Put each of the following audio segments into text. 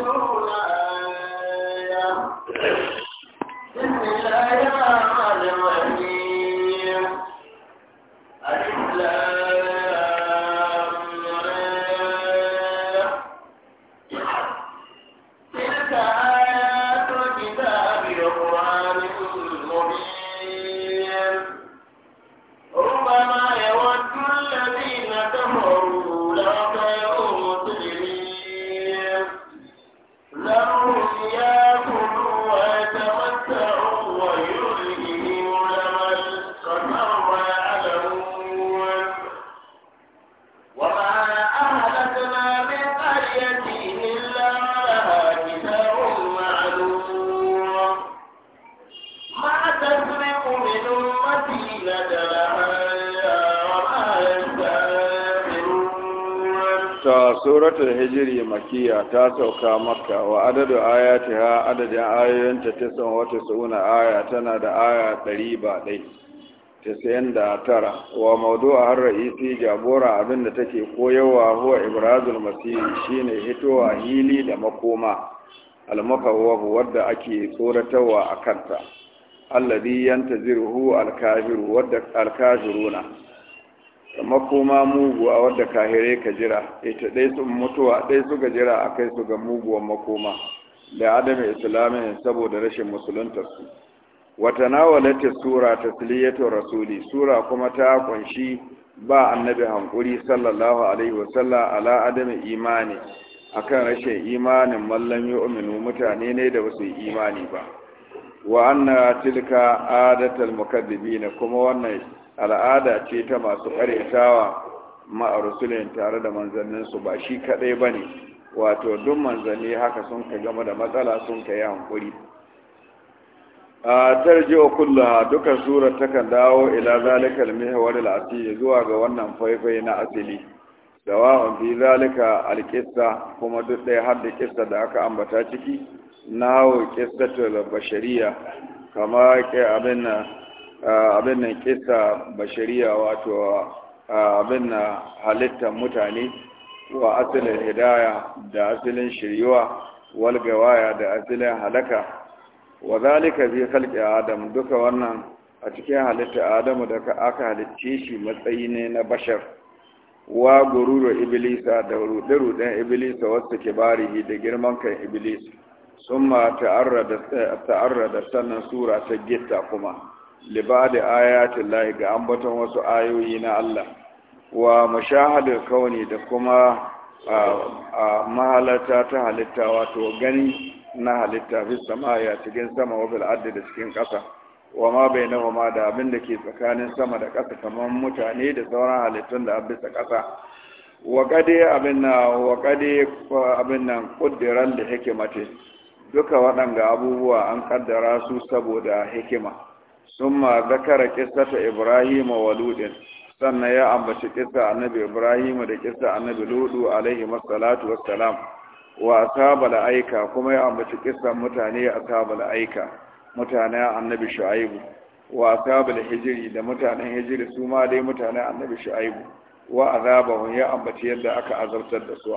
منه الآية ta suratul hijri makiya ta sauka makka wa adadu ayatiha adadin ayoyinta tisan wata suna aya tana da aya ɗari ba ɗai da tara wa maudu a har ra'isi jagora abin da take koyarwa huwa ibrazul masiri shine hitowa hili da makoma almafawwahu wadda ake tsoratarwa a kanta alladhi yantaziruhu alkafiru wadda alkafiruna makoma mugu a wadda kahirai ka jira ita ɗai su mutuwa ɗai su jira a kai su ga muguwan makoma da adamin islamin saboda rashin musuluntarsu wata nawalata sura tasliyatu rasuli sura kuma ta kunshi ba annabi hankuri sallallahu alaihi wasallam ala adamin imani akan rashin imanin mallan yu'minu mutane ne da basu imani ba wa anna tilka adatul mukaddibina kuma wannan al'ada ce ta masu ƙaretawa ma'arusulin tare da manzanninsu ba shi kaɗai ba ne wato duk manzanni haka sun ka gama da matsala sun ka yi hankuri a wa kulla duka surar takan dawo ila zalikal mihawar al'asiri zuwa ga wannan faifai na asili sawa'un fi zalika alƙissa kuma duk ɗaya har da da aka ambata ciki na hau ta bashariya kama ke abin abin nan kisa bashariya wato abin na halittar mutane wa asalin hidaya da asalin shiryuwa walgawaya da asalin halaka wa zalika fi khalqi adam duka wannan a cikin halitta adamu da aka halicce shi matsayi ne na bashar wa gururu iblisa da ruɗe-ruɗen iblisa wasu kibari da girman kan iblis sun ma ta'arra da sannan sura ta gitta kuma libadi ayatin lahi ga ambaton wasu ayoyi na Allah wa mashahadar kauni da kuma mahalarta ta halitta wato gani na halitta fi sama ya cikin sama wa adda da cikin ƙasa wa ma bai na da abin da ke tsakanin sama da ƙasa kamar mutane da sauran halittun da abisa ƙasa wa kade abin na wa kade abin nan ƙuddiran da hikimati duka waɗanga abubuwa an ƙaddara su saboda hikima summa zakara qissata ibrahima wa ludin sannan ya ambaci kissa annabi ibrahima da kissa annabi ludu alaihi masallatu wassalam wa ashabal aika kuma ya ambaci kissan mutane ashabal aika mutanen annabi shu'aibu wa ashabal hijri da mutanen hijri su ma dai mutanen annabi shu'aibu wa azabahum ya ambaci yadda aka azabtar da su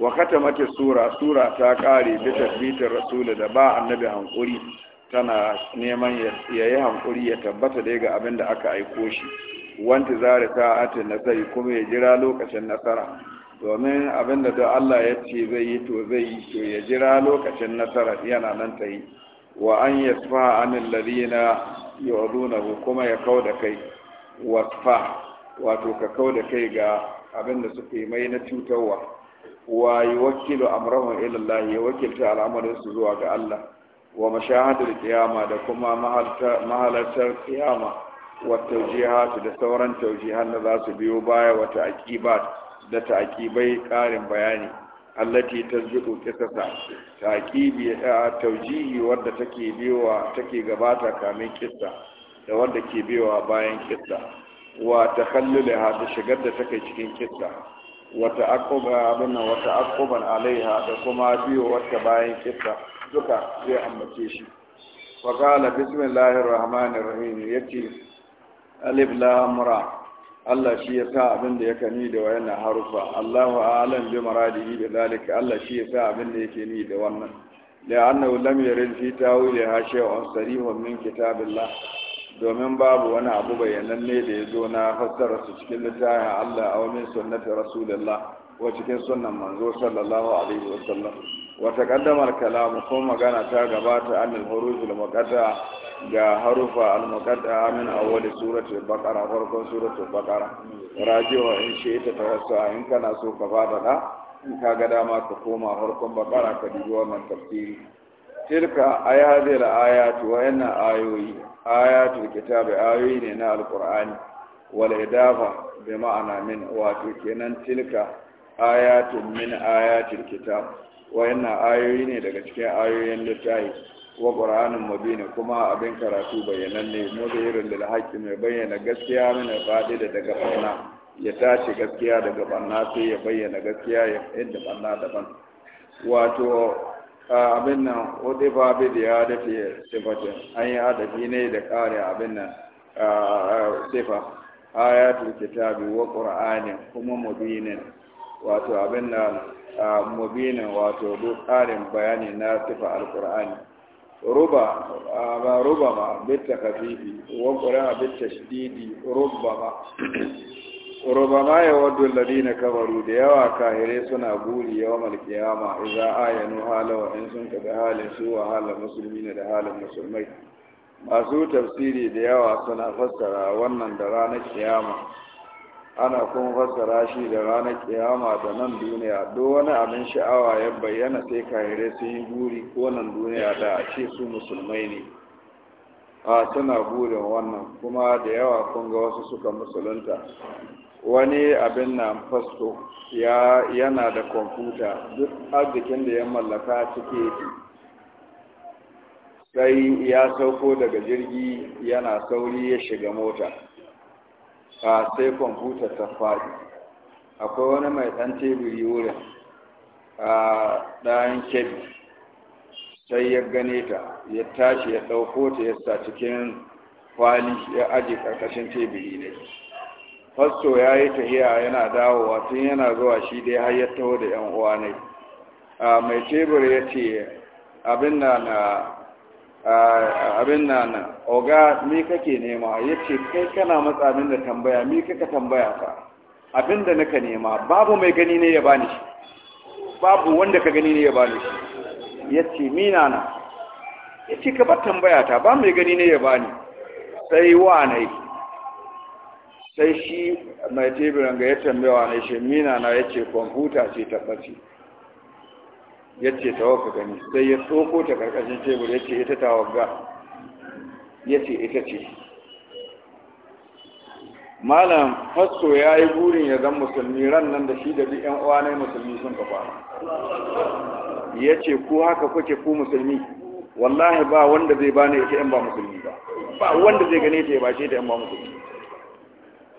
wa katamata sura sura ta kare da tabbitar rasul da ba annabi hankuri tana neman ya yi hankuri ya tabbata dai ga abin da aka aiko shi wanti zari ta nasari kuma ya jira lokacin nasara domin abin da don Allah ya ce zai yi to zai yi to ya jira lokacin nasara yana nan ta yi wa an yasfa anil ladina ku kuma ya da kai wasfa wato ka da kai ga abin da suka yi mai na cutarwa wa yi wakilu ila Allah ya wakilta al'amarin su zuwa ga Allah wa mashahadar kiyama da kuma mahalartar kiyama wa taujihatu da sauran taujihan da za su biyo baya wa ta'aqibat da ta'aqibai ƙarin bayani allati tazbiqu qisasa ta'qibi taujihi wadda take biyowa take gabata kamin ƙisa da wadda ke biyowa bayan kissa wa kalli da shigar da take cikin kissa wa ta'aqquba alaiha da kuma biyo wata bayan kissa duka zai ambace shi wa qala bismillahir rahmanir rahim yace alif lam ra Allah shi ya sa abin da yake ni da wayannan harufa Allahu a'lam bi maradihi da zalika Allah shi ya sa abin da yake ni da wannan la'annahu lam yarid fi tawiliha shay'un sarihun min kitabillah domin babu wani abu bayyananne da ya zo na fassara su cikin littafin Allah a wani sunnati rasulullah wa cikin sunnan manzo sallallahu alaihi wa sallam. wata kaddamar kalamu ko magana ta gabata an al-huruf al-muqatta ga harufa al-muqatta min awwal surati al-baqara farkon surati al-baqara in shi ta tawassa in kana so ka fada da in ka ga dama ka koma farkon baqara ka dubi wannan tilka ayatul ayatu wa inna ayoyi ayatul kitabi ayoyi ne na al-qur'ani wal idafa bi ma'ana min wato kenan tilka ayatun min ayatul kitab wayannan ayoyi ne daga cikin ayoyin littafi wa qur'anin mubin kuma abin karatu bayyananne irin da haƙƙi mai bayyana gaskiya mana fadi da daga banna ya tashi gaskiya daga banna sai ya bayyana gaskiya ya inda barna daban wato abin nan udifa bi da ya dace sifatin an yi adabi ne da kare abin nan sifa ayatul kitabi wa qur'anin kuma mubinin wato abin na mubinin wato duk ƙarin bayani na sifa alkur'ani ruba ba ruba ma bitta kafifi wa qur'a bitta shididi ruba ma ruba ma ya waddu ladina kabaru da yawa kahire suna guri yawmal qiyama idza ayanu halawa in sun kaga halin su wa halin musulmina da halin musulmai masu tafsiri da yawa suna fassara wannan da ranar kiyama ana kuma fassara shi da ranar kiyama da nan duniya do wani abin sha'awa ya bayyana sai kahire sun yi buri ko nan duniya da a ce su musulmai ne a suna burin wannan kuma da yawa kun ga wasu suka musulunta wani abin na fasto yana da kwamfuta duk arzikin da ya mallaka yi. sai ya sauko daga jirgi yana sauri ya shiga mota A sai kwamfuta ta faɗi akwai wani mai ɗan teburi wurin a ɗayan kebi sai ya gane ta ya tashi ya ɗauko ta ya sa cikin kwali ya aji ƙarƙashin teburi ne fasto ya yi tahiya yana dawowa tun yana zuwa shi dai har ya taho da 'yan uwa ne mai tebur ya ce abin na abin na nan oga me kake nema ya ce kai kana matsa min da tambaya me kake tambaya ka abin da naka nema babu mai gani ne ya bani shi babu wanda ka gani ne ya bani shi ya ce nana na ya ce ka bar tambaya ta ba mai gani ne ya bani sai wa ne sai shi mai tebiran ga ya tambaya wa ne shi mina na ya ce kwamfuta ce tabbaci ya ce tawagga gani sai ya tsoko ta karkashin tebur ya ce ita tawagga ya ce ita ce malam fasto ya yi burin ya zan musulmi ran nan da shi da bi yan uwa na musulmi sun kafa ya ce ku haka kuke ku musulmi wallahi ba wanda zai bani ita yan ba musulmi ba ba wanda zai gane ta ya bace ta yan ba musulmi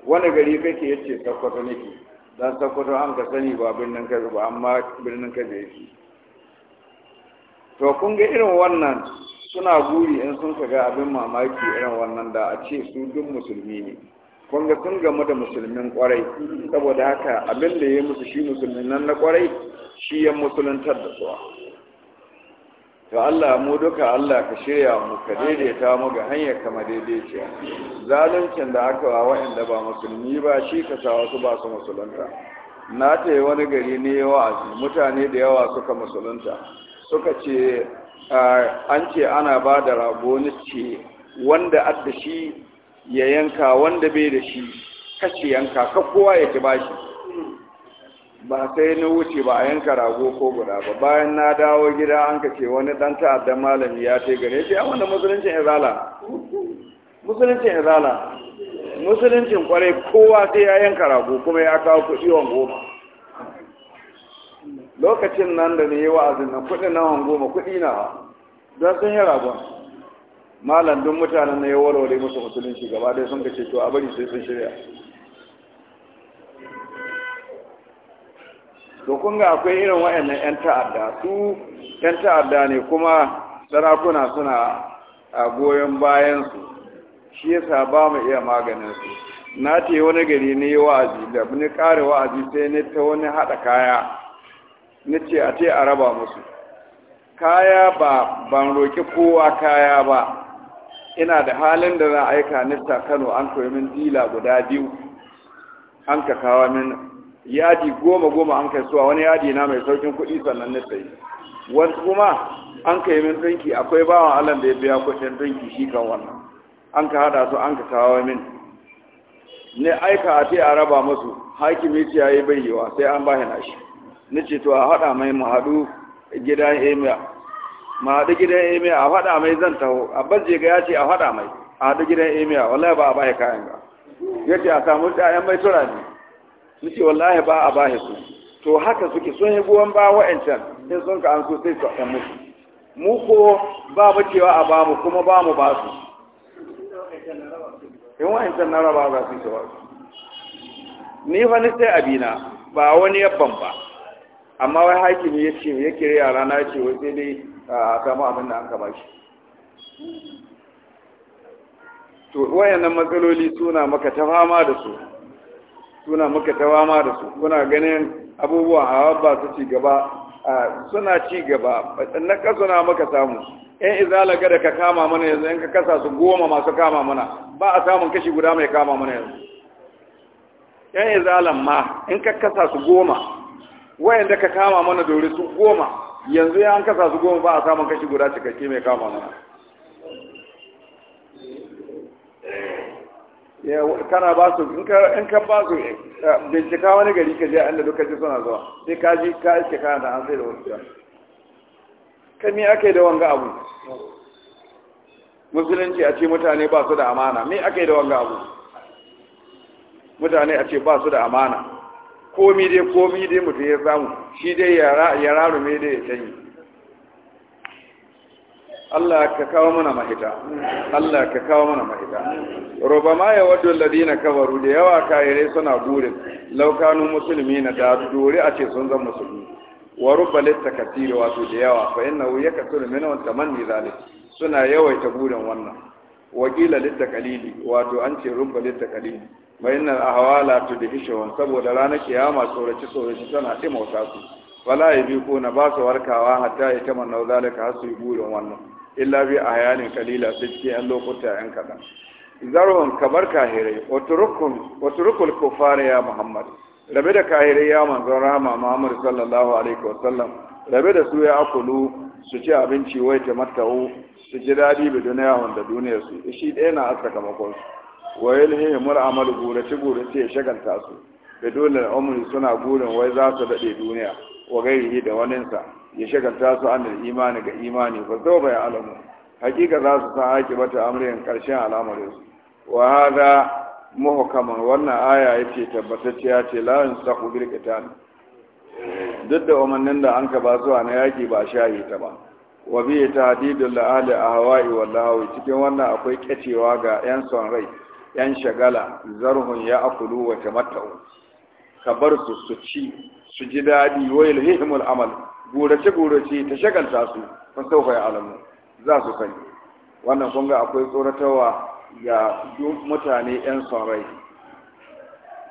wani gari kake ya ce sakkwato nake dan sakkwato an ka sani ba birnin kabi ba amma birnin ya yake to kun ga irin wannan suna guri in sun ga abin mamaki irin wannan da a ce su duk musulmi ne kun ga sun gamu da musulmin kwarai saboda haka abin da ya musu shi musulmin nan na kwarai shi ya musuluntar da su to Allah mu duka Allah ka shirya mu ka daidaita mu ga hanyar kama daidaiciya zaluncin da aka wa waɗanda ba musulmi ba shi ka sa wasu ba su musulunta na ta wani gari ne wa'azi mutane da yawa suka musulunta suka ce an ce ana ba da rago ce wanda adda shi ya yanka wanda bai da shi kashe yanka ka kowa ya ci bashi ba sai na wuce ba a yanka rago ko guda ba bayan na dawo gida an ka ce wani dan ta'addan malami ya ce gare shi amma da musuluncin izala musuluncin izala musuluncin kwarai kowa sai ya yanka rago kuma ya kawo kuɗi wa goma lokacin nan da ne yi wa'azin nan kuɗi na goma kuɗi na don sun yi ragon malam duk mutanen na ya warware musu musulunci gaba ɗaya sun kace to a bari sai sun shirya to kun ga akwai irin wa'annan 'yan ta'adda su 'yan ta'adda ne kuma sarakuna suna a goyon bayansu shi yasa ba mu iya maganinsu na ce wani gari ne wa'azi da ni ƙara wa'azi sai ne ta wani haɗa kaya nace a ce a raba musu kaya ba ban roki kowa kaya ba ina da halin da za a aika nista Kano an koyi min dila guda biyu an ka kawo min yadi goma goma an kai suwa wani yadi na mai saukin kuɗi sannan na sayi wasu kuma an kai min dinki akwai bawan Allah da ya biya kuɗin dinki shi kan wannan an ka hada su an ka kawo min ne aika a ce a raba musu hakimi ce yayi bayyewa sai an bayyana shi nace ce to a haɗa mai mu haɗu gidan emir ma haɗu gidan emir a haɗa mai zan taho a je ga ya ce a haɗa mai a haɗu gidan emir wallahi ba a bai kayan ga ya ce a samu ɗayan mai tura ne nace ce wallahi ba a bai su to haka suke sun yi buwan ba wa'ancan sai sun ka an so sai su ɗan musu mu ko ba mu cewa a bamu kuma ba mu ba su in wa'ancan na raba za su yi ni fa ni sai abina ba wani yabban ba amma wai hakimi ya ce ya kire yara na ce wai sai dai a samu abin da an kama shi to wayannan matsaloli suna maka ta fama da su suna maka ta fama da su kuna ganin abubuwan hawa ba su ci gaba suna ci gaba na suna maka samu yan izala gada ka kama mana yanzu in ka kasa su goma masu kama mana ba a samun kashi guda mai kama mana yanzu yan izalan ma in ka kasa su goma wayanda ka kama mana dore su goma yanzu ya an kasa su goma ba a samun kashi guda cikakke mai kama mana eh, kana ba su in ka ba su eh, bincika wani gari ka je an da duka ji suna zuwa sai ka ji ka iske kana da an sai da wasu can kan me ake da wanga abu musulunci a ce mutane ba su da amana me ake da wanga abu mutane a ce ba su da amana komi dai komi dai mutum ya samu shi dai ya mai dai ya sanyi Allah ka kawo mana mahita Allah ka kawo mana mahita ma ya wadda ladina kabaru da yawa kayirai suna burin laukanu musulmi na da dori a ce sun zan musulmi wa rubba litta kasiri wato da yawa fa inna hu yakasuru minhum tamanni zalik suna yawaita burin wannan wa qila litta qalili wato an ce rubba litta qalili bayanan ahwala to da saboda ranar kiyama tsoraci tsoraci tana taimauta su wala ya bi ko na ba su warkawa hatta ya ta manna zalika har su yi burin wannan illa bi a hayanin kalila sai cikin yan lokuta yan kaɗan zarwan kabar kahirai waturukul kufari ya muhammad rabe da kahirai ya manzon rahama muhammad sallallahu alaihi wa sallam. rabe da su ya akulu su ci abinci wai ta matta'u su ji daɗi bi duniyahun da duniyarsu shi ɗaya na asaka makonsu wa yalhihimul amalu ci gurace ya shagalta su da dole umri suna gurin wai za su dade duniya wa gairihi da sa ya shagalta su an imani ga imani fa zo bai alamu hakika za su san akibata amrin karshen al'amarin su wa hada muhkaman wannan aya yace tabbatacciya ce la saqu bil qital duk da umarnin da an ka ba zuwa na yaki ba shahi ta ba wa bi tahdidul la'ali ahwa'i wallahu cikin wannan akwai kacewa ga yan son rai yan shagala zarhun ya akulu wa tamatta'u ka bar su su ci su ji daɗi wa hihimul amal gurace gurace ta shagalta su fa ya alamu? za su sani wannan kun ga akwai tsoratarwa ga mutane yan sarai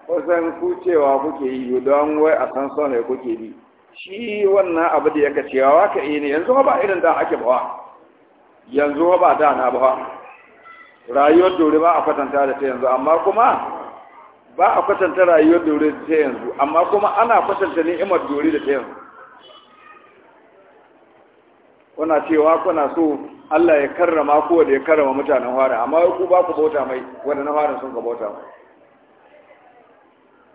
kusan ku cewa kuke yi don wai a san son rai kuke bi shi wannan abu da yake cewa ka yi ne yanzu ba irin da ake bawa yanzu ba da na bawa rayuwar dore ba a kwatanta da ta yanzu amma kuma ba a kwatanta rayuwar dore da ta yanzu amma kuma ana kwatanta ni'imar dore da ta yanzu kuna cewa kuna so Allah ya karrama ku da ya karrama mutanen fara amma ku ba ku bauta mai wanda na fara sun ka bauta mai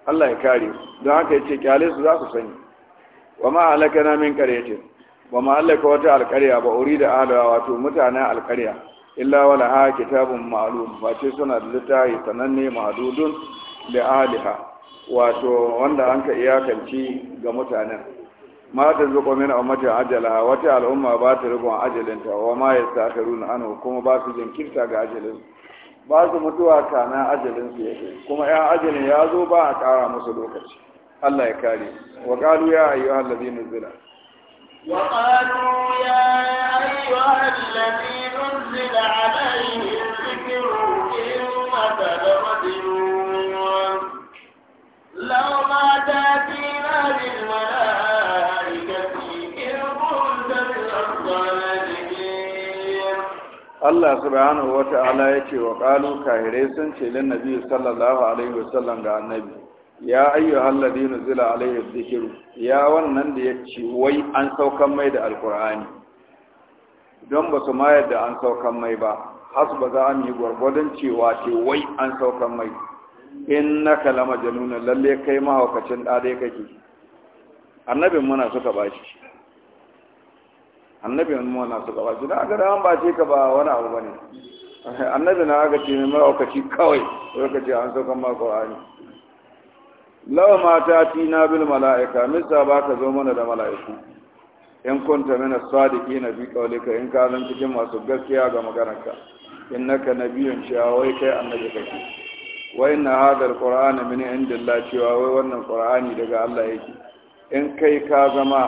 Allah ya kare don haka yace kyale su za ku sani wa ma na min kare yace wa ma alaka wata alqarya ba urida ahla wato mutanen alqarya illa wala ha kitabun ma'lum ce suna da littafi sananne ma'dudun da aliha wato wanda an ka iyakanci ga mutanen ma ta zuko min ummati ajala wata al'umma ba ta rubun ajalinta wa ma yastakirun anhu kuma ba su jinkirta ga ajalin ba su mutuwa kana ajalin su yake kuma ya ajalin ya zo ba a kara musu lokaci Allah ya kare wa qalu ya ayyuhal ladina zila wa qalu ya ayyuhal ladina Allah subhanahu wa ta'ala ya ce wa ƙalu kahirai sun ce lin nabi sallallahu alaihi wasallam ga annabi ya ayyu alladhi nuzila alaihi dhikru ya wannan da ya ce wai an saukan mai da alqur'ani don ba su ma yadda an saukan mai ba hasu ba za a yi gwargwadon cewa ce wai an saukan mai in na kalama januna lalle kai mahaukacin ɗade kake annabin muna suka ba shi annabin muna suka ba shi na aka da an ba ce ka ba wani abu ba ne annabin na aka ce mahaukaci kawai lokaci an saukan ma ƙwarani lawa mata na bil mala'ika mista ba ka zo mana da mala'iku in kunta mina sadiki na bi kaulika in ka zan cikin masu gaskiya ga maganarka innaka nabiyun cewa wai kai annabi kake wa inna hadha alquran min indillah cewa wai wannan qur'ani daga Allah yake in kai ka zama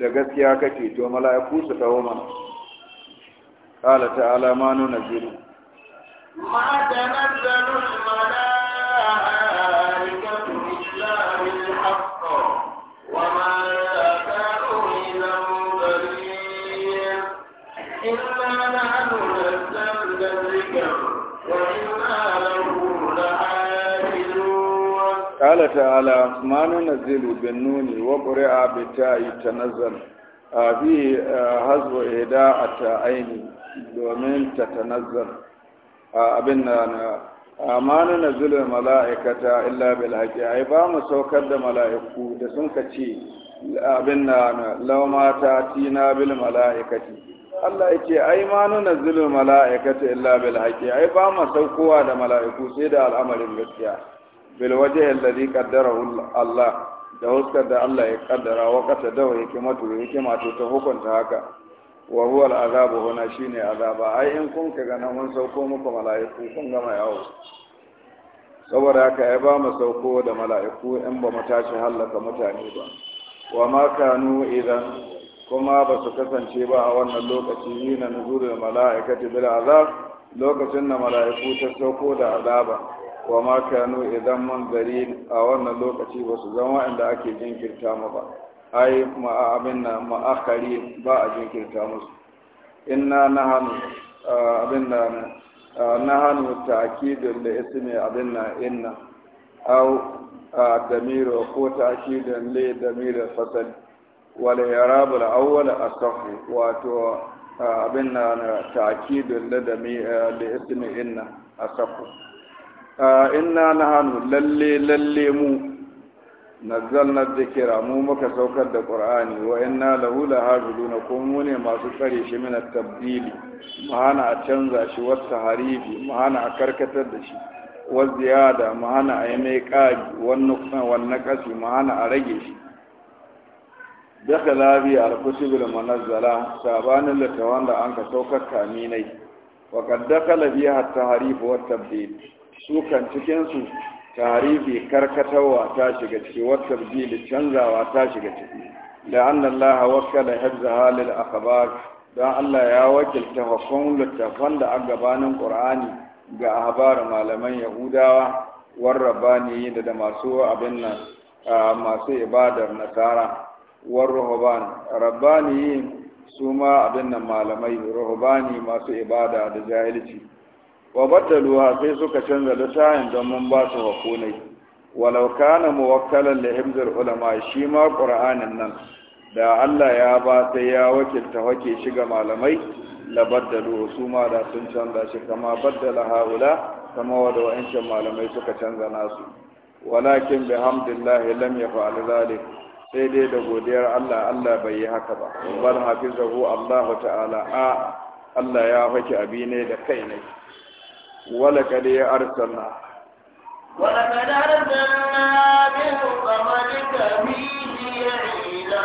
da gaskiya kake to mala'iku su tawo mana qala ta'ala ma nunzilu ma tanazzalu al-mala'ikatu illa bil haqq wa ma قال تعالى ما ننزل بالنون وقرئ بتاء تنزل في حذف إهداء التعين domin ta tanazzar abin na na amana na zulun mala'ikata illa bil ai ba mu saukar da mala'iku da sun ka ce abin na na laumata tina bil mala'ikati Allah ya ce ai ma nuna zulul mala'ikati illa bil haqi ai ba ma saukowa da mala'iku sai da al'amarin gaskiya bil wajhi alladhi qaddarahu Allah da huska da Allah ya kaddara wa kata da ke matu ta hukunta haka wa huwa al'azabu huna shine azaba ai in kun ka gana mun sauko muku mala'iku kun gama yawo saboda haka ai ba mu sauko da mala'iku in ba mu tashi hallaka mutane ba wa ma kanu idan kuma ba su kasance ba a wannan lokaci yi na nuzurin mala'ikati bil azab lokacin da mala'iku ta sauko da azaba wa ma kanu idan manzari a wannan lokaci ba su zama inda ake jinkirta mu ba ai ma abin na ma'akari ba a jinkirta musu inna nahanu abin na nahanu ta'kidul da ismi abin na inna aw damiru ko ta'kidun li damir fasal ya rabu i'rabul a asahu wato abin na ta'kidul ladami da ismi inna asahu inna hannu lalle lalle mu nazzalna dhikra mu muka saukar da ƙur'ani? wa inna lahu lahafizuna ko mu ne masu tsare shi mina tabbili? tabdili a canza shi wa harifi? hana a karkatar da shi wa ziyada mahana a yi mai wannan ƙasi mahana a rage shi daga labi bil manazzala sabanin ta wanda an ka saukar kaminai wa kad labi a at wa at sukan cikinsu kan cikinsu su karkatarwa ta shiga ciki wa tabdil canzawa ta shiga ciki Da la'anna Allah wakkala hafza halil akhbar don Allah ya wakilta hukum littafan da a gabanin Ƙur'ani ga habar malaman Yahudawa warraba ne da da masu abin nan masu ibadar nasara war ruhban rabbaniyin su ma abin nan malamai ruhbani masu ibada da jahilci wa battaluha sai suka canza littafin don mun ba su hakunai walau kana muwakkalan da himzar ulama shi ma qur'anin nan da Allah ya ba sai ya wakilta wake shi ga malamai la baddalu su ma da sun canza shi kama baddala haula kama wada wa'ancan malamai suka canza nasu walakin bihamdillahi lam yafa'al zalik sai dai da godiyar Allah Allah bai yi haka ba Hafiza hafizahu Allahu ta'ala a Allah ya faki abi ne da kai ne wala kad ya arsalna wala kad arsalna bi qablika bihi ila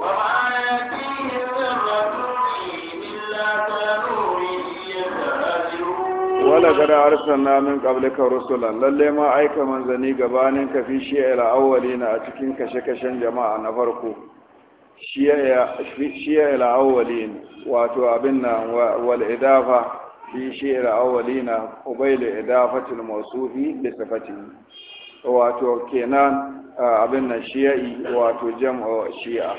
wa wala gada arsalna min qablika rusulan lalle ma aika manzani gabanin ka fi shi'il awwalina a cikin kashe-kashen jama'a na farko shi'il awwalin wato abin nan wal idafa fi shi'il awwalina qabil idafatil mawsufi bi sifati wato kenan abin nan shi'i wato jam'u shi'a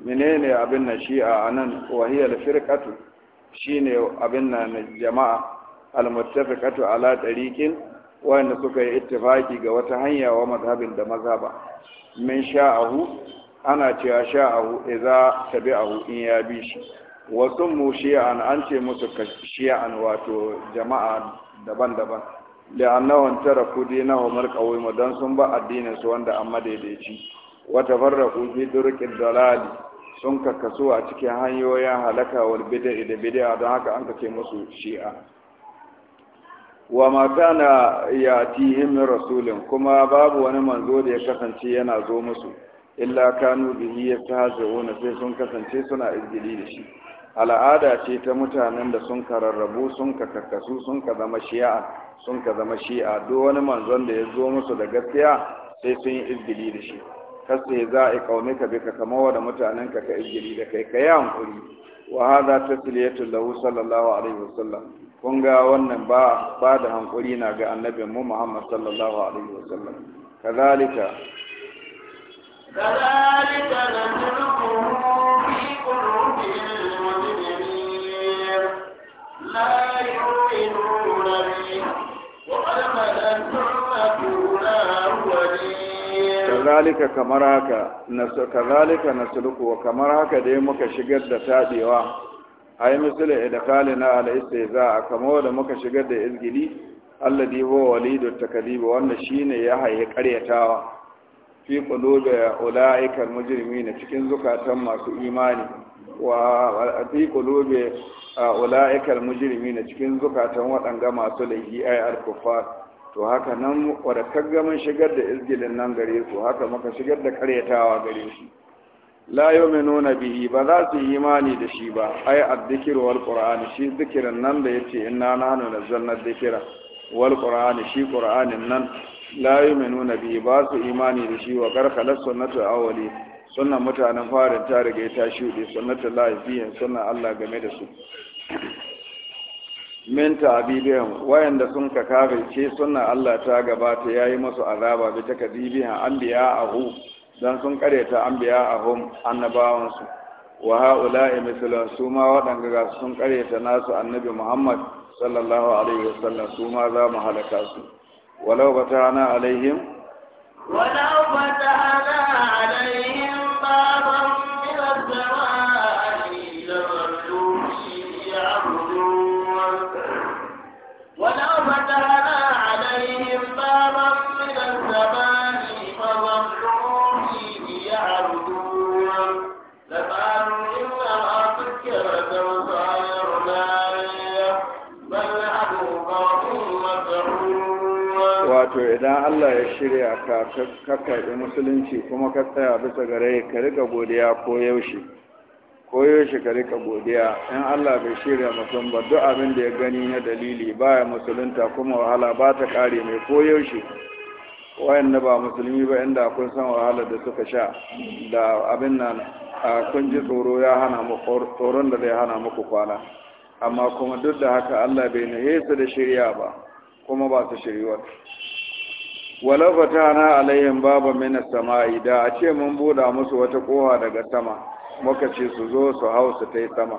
menene abin nan shi'a anan wahiyal firqatu shine abin nan jama'a almuttafiqatu ala tariqin wanda suka yi ittifaki ga wata hanya wa mazhabin da mazhaba min sha'ahu ana cewa sha'ahu idza tabi'ahu in ya bi shi wa summu shi'an an ce musu shi'an wato jama'a daban-daban Da kudi taraku dinahum alqawim dan sun ba addinin su wanda an madaidaici wa tafarraqu fi durqid dalali sun kakkasu a cikin hanyoyin halaka wal bid'a da bid'a don haka an kace musu shi'a wa mata na ya min rasulin kuma babu wani manzo da ya kasance yana zo musu illa kanu bihi yastahzi'una sai sun kasance suna izgili da shi al'ada ce ta mutanen da sun kararrabu sun ka kakkasu sun ka zama shi'a sun ka zama shi'a duk wani manzon da ya zo musu da gaskiya sai sun yi izgili da shi kasu za a yi kaunika bi ka kama wa da mutanen ka ka izgili da kai ka yi hankuri wa hada tasliyatu lahu sallallahu alaihi wasallam kun ga wannan ba ba da hankuri na ga annabin mu Muhammad sallallahu alaihi wasallam kadhalika kadhalika namurku fi qulubil mujrimin la yu'minuna bi wa qad madantum la kazalika kamar haka nasu kazalika nasluku kamar haka dai muka shigar da tabewa ay misal na ala istihza kamar da muka shigar da izgili alladhi huwa walidu takdhib wannan shine ya haye karyatawa fi qulubi ulaika na cikin zukatan masu imani wa fi qulubi ulaika na cikin zukatan waɗanga masu laifi ay alkufar to haka nan wadda kaggamin shigar da izgilin nan gare su haka maka shigar da karyatawa gare su la nuna bihi ba za su yi imani da shi ba ai addikir wal qur'an shi zikirin nan da yace inna nanu nazzalna dhikra wal qur'an shi qur'anin nan la yu'minu bihi ba su imani da shi wa karkala sunnatu awwali sunnan mutanen farin ta riga ta shuɗe sunnatu lahi sunnan Allah game da su Minta ta'abidihim wayanda sun ka kafirce suna Allah ta gabata ya yi musu azaba bi a hu? don sun kareta a hu? annabawansu? wa haula'i mislan su ma wadanga ga sun kareta nasu annabi Muhammad sallallahu alaihi wasallam su ma za mu halaka su walau batana alaihim walau batana alaihim baban idan Allah ya shirya ka karɓi musulunci kuma ka tsaya bisa gare ka rika godiya ko yaushe ko yaushe ka rika godiya in Allah bai shirya mutum ba duk abin da ya gani na dalili baya musulunta kuma wahala ba ta kare mai ko yaushe wayanda ba musulmi ba inda kun san wahala da suka sha da abin nan kun ji tsoro ya hana muku tsoron da zai hana muku kwana amma kuma duk da haka Allah bai nahe su da shirya ba kuma ba su shiryuwa walau fatana alaihim baba min samai da a ce mun buɗa musu wata kowa daga sama muka ce su zo su hau su tai sama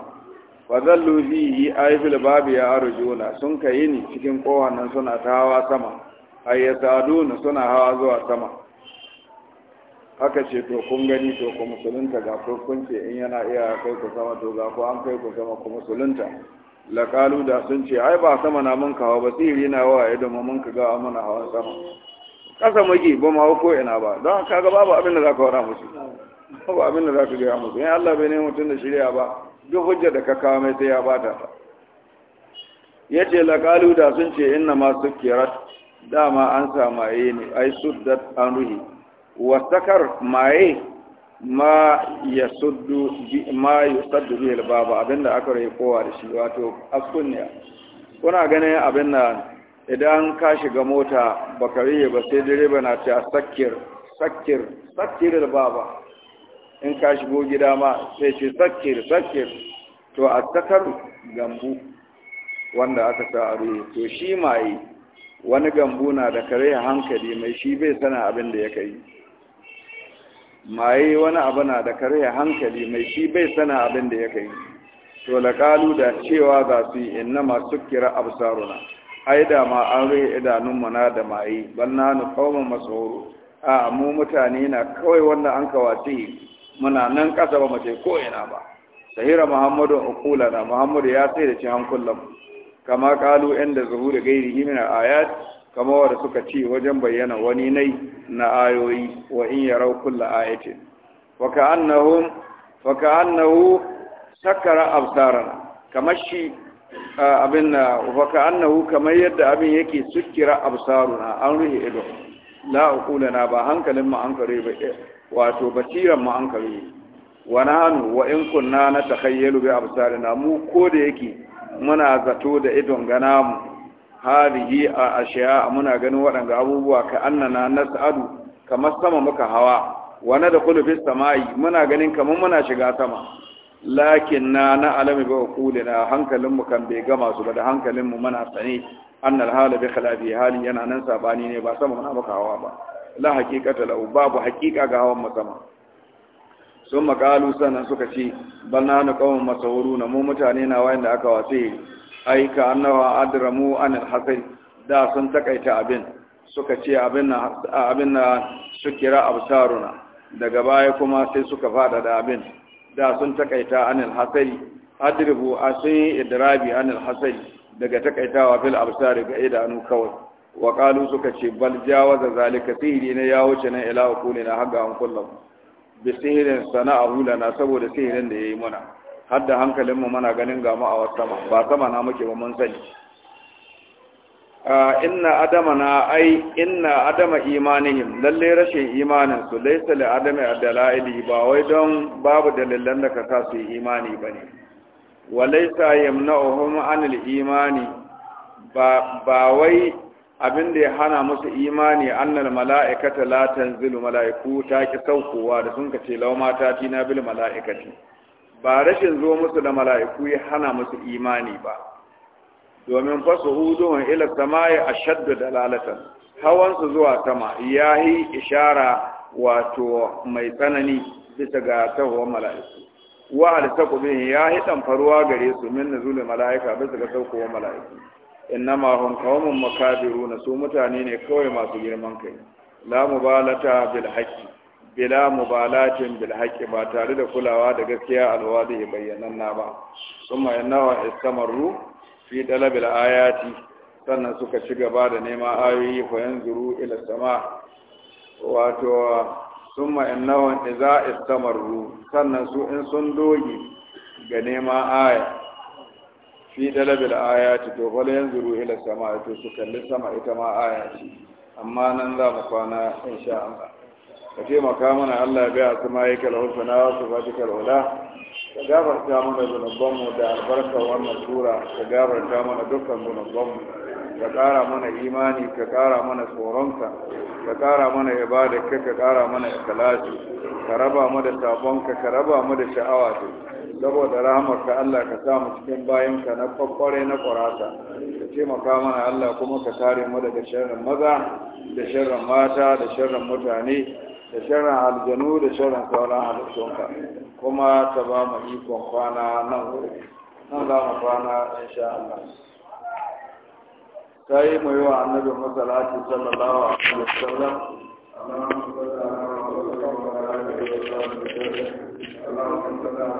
fa zallu fihi ayfil babi ya arjuna sun kai ni cikin kowa nan suna ta hawa sama ay yasaduna suna hawa zuwa sama Haka ce to kun gani to ku musulunta ga ko kun ce in yana iya kai ku sama to ga ko an kai ku sama ku musulunta laqalu da sun ce ai ba sama na mun kawo ba tsiri na wa idan mun ka ga muna hawan sama ƙasa mage ba ma ko ina ba don haka ga babu abin da za ka wara musu babu abin da za ka gaya musu in Allah bai ne mutun da shirya ba duk hujja da ka kawo mai sai ya bata ta ya ce laƙalu da sun ce inna ma sukirat dama an sa maye ne ai suddat an ruhi wasakar maye ma ya suddu ma ya bi al baba abinda aka rai kowa da shi wato askunya kuna ganin abin da idan ka shiga mota baka riye ba sai direba na ta sakir sakir sakir da baba in ka shigo gida ma sai ce sakir sakir to a takar gambu wanda aka sa a riye to shi maye wani gambu na da kare hankali mai shi bai sana abin da ya kai maye wani abu na da kare hankali mai shi bai sana abin da ya kai to laƙalu da cewa za su yi inna masu kira absaruna ai da ma an rai idanunmu na da maye banna nu kauman masoro a mu mutane na kawai wanda an kawace muna nan kasa ba mace ko ina ba sahira muhammadu ukula na muhammadu ya sai da ci hankulan kama kalu inda da gairi himina ayat kama wanda suka ci wajen bayyana wani nai na ayoyi wa in yarau kulla ayatin wa wa ka annahu sakara absarana kamar shi abin na ka annahu kamar yadda abin yake sukira absaruna an ruhi ido la na ba hankalin mu an kare ba eh, wato basiran mu an kare wa nahnu wa in kunna takhayyalu bi absarina mu ko da yake muna zato da idon gana mu hadihi a ashiya muna ganin waɗanga abubuwa ka annana nas'adu kamar sama muka hawa wa nadkhulu fis samai muna ganin kamar muna shiga sama lakin na na alami ba hankalin hankalinmu kan bai gama su ba da hankalinmu mana sane annal hala bi khilafi hali, yana nan sabani ne ba sama muna bakawa ba la haqiqata la babu haqiqa ga hawan masama sun makalu sannan suka ce bana na kawun masauru na mu mutane na wayan da aka wace aika annawa adramu anil hasai da sun takaita abin suka ce abin na sukira absaruna daga baya kuma sai suka fada da abin da sun takaita anil hasari adribu asai idrabi anil hasari daga takaitawa fil absari ga idanu kawai wa qalu suka ce bal jawaza zalika sihiri ne ya wuce nan ila ukuli na haga an kullum bi sihirin sana'ahu lana saboda sihirin da yayi mana hadda hankalinmu mu muna ganin ga mu a wasama ba sama na muke ba mun sani inna adama na ai inna adama imanihim lalle rashin imanin su laisa li adami adalaili ba wai don babu dalilan da ka sa su imani bane wa laisa yamna'uhum anil imani ba ba wai abin da ya hana musu imani annal mala'ikata la tanzilu mala'iku ta ki saukowa da sun kace law mata tina bil mala'ikati ba rashin zo musu da mala'iku ya hana musu imani ba domin fasu hudun ila samaye a shaddu dalalatan hawansu zuwa sama ya yi ishara wato mai tsanani bisa ga tahuwar mala'iku wa alitakubin ya yi ɗamfaruwa gare su min zule mala'ika bisa ga saukowar mala'iku innama hum qaumun na, su mutane ne kawai masu girman kai la mubalata bil haqqi bila mubalatin bil haqqi ba tare da kulawa da gaskiya alwadi bayyananna ba kuma wa istamaru fi dalabil ayati sannan suka ci gaba da neman ayoyi fa yanzuru ila sama wato summa innahum idza istamaru sannan su in sun dogi ga neman aya fi dalabil ayati to fa yanzuru ila sama to su kalli sama ita ma aya ce amma nan za mu kwana insha Allah ka taimaka mana Allah ya ga asma yake lahul fana wa sifatika al ka gafarta mana zunubanmu da albarka wannan tura ka ta mana dukkan zunubanmu ka ƙara mana imani ka ƙara mana tsoronka ka ƙara mana ibada. ka ƙara mana ikhlasi ka raba mu da sabonka ka raba mu da sha'awa saboda ka Allah ka sa mu cikin ka na kwakware na ƙwarata ka taimaka mana Allah kuma ka kare mu daga sharrin maza da sharrin mata da sharrin mutane da shirin aljanu da shirin sauran halittunka kuma ta ba mu ikon kwana nan wuri nan za mu kwana insha Allah ta yi mu yi wa annabi masalati sallallahu alaihi wasallam اللهم صل على محمد وعلى اله وصحبه وسلم اللهم صل على